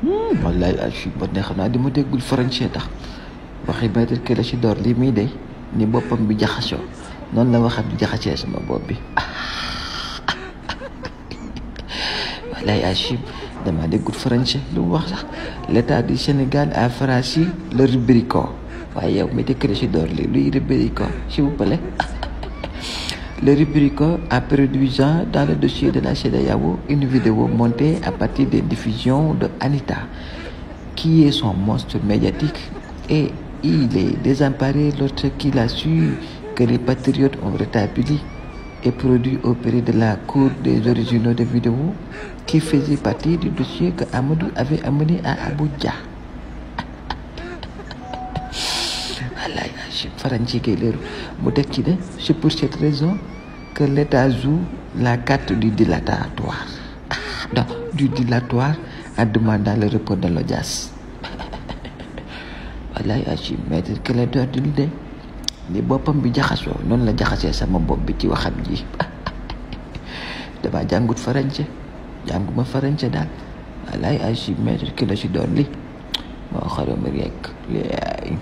Hmm. wallaay alchim ba ne xam naa di ma déggul français tax waxi maître Clédor lii muy de ni boppam bi jaxasoo noonu la waxam bi jaxasee sama bopp bi wallaay alchim dama déggul français lu mu wax sax l'état du Sénégal a franchi le Rubicon waaye yow maître Clédor lii luy Rubicon s'il vous plaît Le républicain a produit dans le dossier de la CEDEAO une vidéo montée à partir des diffusions de Anita, qui est son monstre médiatique, et il est désemparé lorsqu'il a su que les patriotes ont rétabli et produit au péril de la cour des originaux de vidéos qui faisait partie du dossier que Amadou avait amené à Abuja. faranci kay leeru mu teg ci ne c'est pour cette raison que l'État joue la carte du dilatoire non, ah, du dilatoire en demandant le report de l'audience wallahi achim maître que la door di ne ni boppam bi jaxasoo non la jaxasee sama bopp bi ci waxam ji dama jàngut farañce jànguma farañce daal wallahi achim maître que la si doon li moo xaram rek laay